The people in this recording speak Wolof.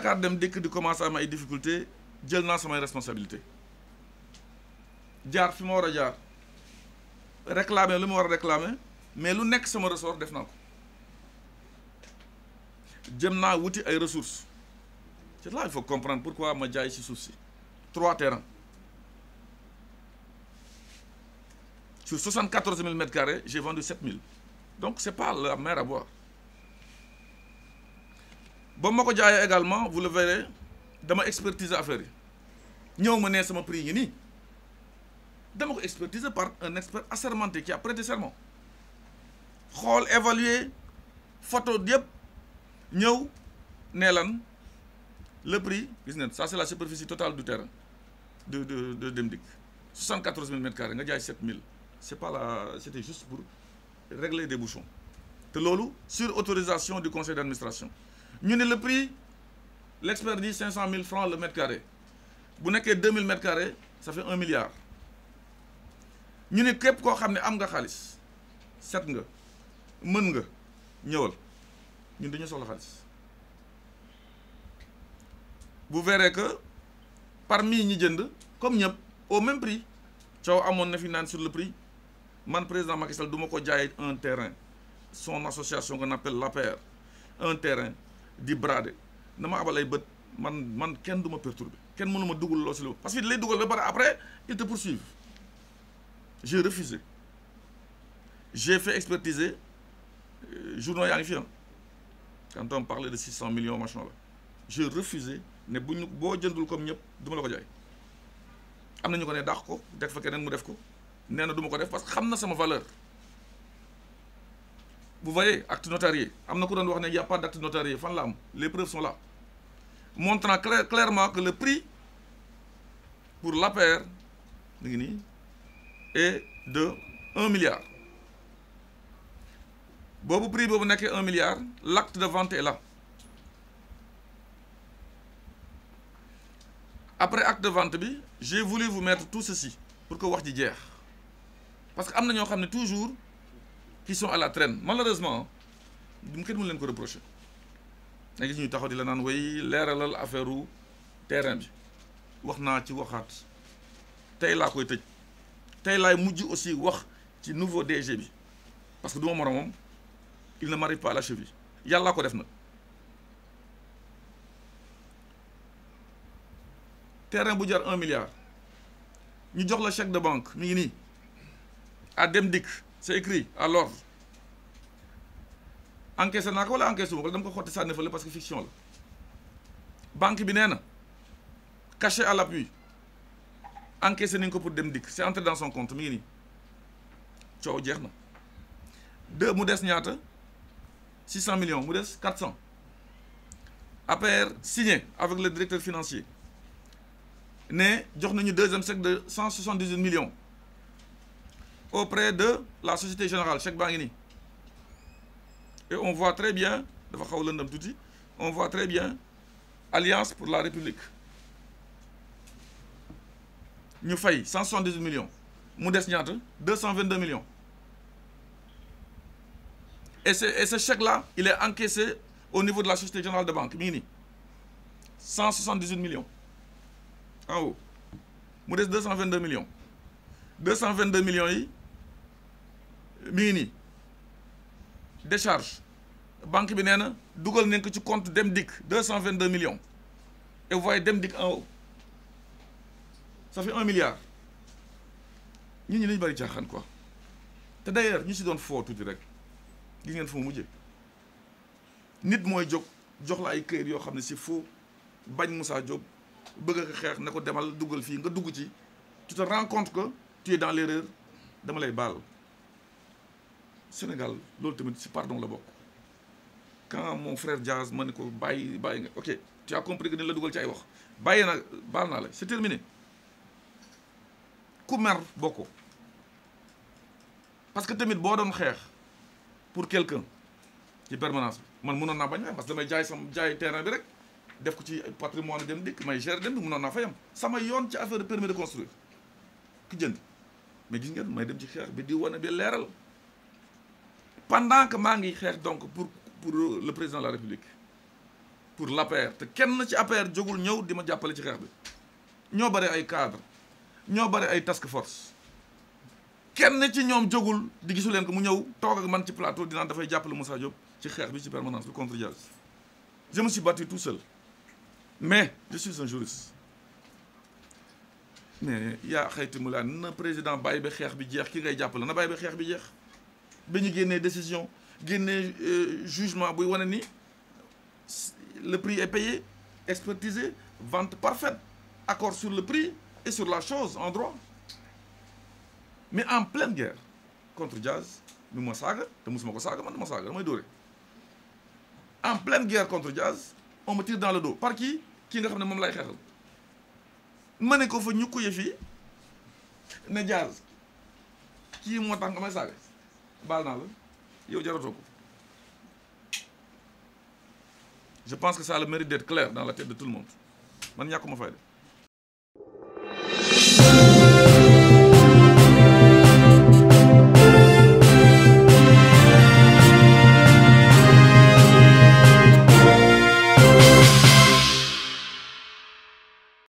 Dakar dem dëkk di commencé am ay difficulté jël naa samay responsabilité jaar fi ma war a jaar réclamer lu ma war a réclamer mais lu nekk sama ressort def naa ko jëm naa wuti ay ressources c'est là il faut comprendre pourquoi ma jaay si suuf si trois terrains sur 74 000 mètres carrés j'ai vendu 7 mille donc c'est pas la mer à boire ba ma ko jaayee également vous le verrez dama expertiser affaire yi ñëw ma ne sama prix yi nii dama ko expertiser par un expert assermenté qui a prêté serment xool évaluer photo yëpp ñëw ne lan le prix gis ngeen ça c'est la superficie totale du terrain de de de Demdik 74 000 mètres carrés nga jaay 7 000 c'est pas la c'était juste pour régler des bouchons te loolu sur autorisation du conseil d'administration ñu ne le prix l'expert dit cinq cent mille francs le mètre carré bu nekkee deux mille mètres carrés ça fait un milliard ñu ne képp koo xam ne am nga xaalis set nga mën nga ñëwal ñun dañu soxla xaalis vous verrez que parmi ñi jënd comme ñëpp au même prix coow amoon na fi naan sur le prix man président Macky duma ko jaay un terrain son association nga appelle l'APR un terrain di brader na ma abal ay bët man man kenn du ma perturbé kenn mënu ma dugal loo si lu parce que lay dugal ba pare après ils te poursuivent j'ai refusé j'ai fait expertiser euh, journaux yaa ngi fi ah. quand on parlait de six cent millions machin la j'ai refusé ne bu ñu boo jëndul comme ñëpp du ma la ko jaay am na ñu ko ne dàq ko def fa keneen mu def ko nee na du ko def parce que xam na sama valeur bu voyez acte notarié am na ko doon wax ne y a pas fan la am les preuves sont là montrant clairement que le prix pour l'APR mu ngi nii et de un milliard boobu prix boobu nekkee un milliard l' de vente et là après acte de vente bi j'ai voulu vous mettre tout ceci pour que wax ji jeex parce que am na ñoo xam ne toujours qui sont à la traîne malheureusement mu kenn mënu leen ko reprocher da gis ñu taxaw di la naan way leeralal affaire u bi wax naa ci waxaat tey laa koy tëj tey laay mujj aussi wax ci nouveau DG bi parce que du ma moromam il ne m'arrive pas la cheville yàllaa ko def na terain bu jar un milliard ñu jox la chèque de banque mi ngi nii à dem dikk c'est écrit à l'ordre encaissé naa ko wala encaissé wu ma ko dama ko xotti sànni fële parce que fiction la banque bi nee na cachet à l'appui encaissé nañ ko pour dem dikk c'est entré dans son compte mi ngi nii coow jeex na deux mu des ñaata six cent millions mu des quatre cent APR signé avec le directeur financier ne jox nañu deuxième chèque de cent soixante dix millions auprès de la Société Générale chèque baa ngi nii et on voit très bien dafa xaw lëndam tuuti on voit très bien Alliance pour la République ñu fay cent soixante dix millions mu des ñaata deux cent vingt-deux millions et ce et ce chèque là il est encaissé au niveau de la Société Générale de Banque mi ngi nii cent soixante-dix-huit millions en mu des deux cent vingt-deux millions deux cent vingt-deux millions yi mi ngi nii décharge banque bi nee na dugal nañ ko ci compte dem dikk deux cent vingt deux millions et vous voyez dem dikk en haut ça fait un milliard ñun ñi dañu bëri caaxaan quoi te d'ailleurs ñu si doon foo tuuti rek gis ngeen fu mu mujjee nit mooy jóg jox la ay këyit yoo xam ne si foo bañ Moussa jóg bëgg a xeex na ko demal dugal fii nga dugg ci tu te rends compte que tu es dans l'erreur dama lay baal. Sénégal loolu tamit si pardon la bokk quand mon frère Diaz ma ne ko bàyyi bàyyi nga ok tu as compris que ni la dugal ci ay wax bàyyi na baal naa la c'est terminé ku mer bokkoo parce que tamit boo doon xeex pour quelqu'un ci permanence bi man mënoon naa bañ a parce que damay jaay sam jaay terrain bi rek def ko ci patrimoine dem dikk may gérer dem bi mënoon naa fayam sama yoon ci affaire permis de construire ki jënd mais gis ngeen may dem ci xeex di leeral pendant que maa ngi xeex donc pour pour le président de la république pour l'APR te kenn ci APR jógul ñëw di ma jàppale ci xeex bi ñoo bare ay cadre ñoo bare ay task force kenn ci ñoom jógul di gisu ko mu ñëw toog ak man ci plateau dinaan dafay jàppale Moussa Diop ci xeex bi ci permanence bi contre Diaz je me suis battu tout seul mais je suis un juriste mais yaa xayti mu laa na président bàyyi ba xeex bi jeex ki ngay jàppale na bàyyi ba xeex bi jeex bi ñu génnee décision génnee euh, jugement buy wane ni le prix est payé expertisé vente parfaite accord sur le prix et sur la chose en droit mais en pleine guerre contre Diaz mi ma te musuma ko saaga man dama saaga damay dóore en pleine guerre contre Diaz on me tire dans le dos nga xam ne moom lay xeexal ne ko fa ñu ko yëf yi ne baal naa la yow jaratoo ko je pense que ça a le mérite d'être clair dans la tête de tout le monde man ñàkkuma fayda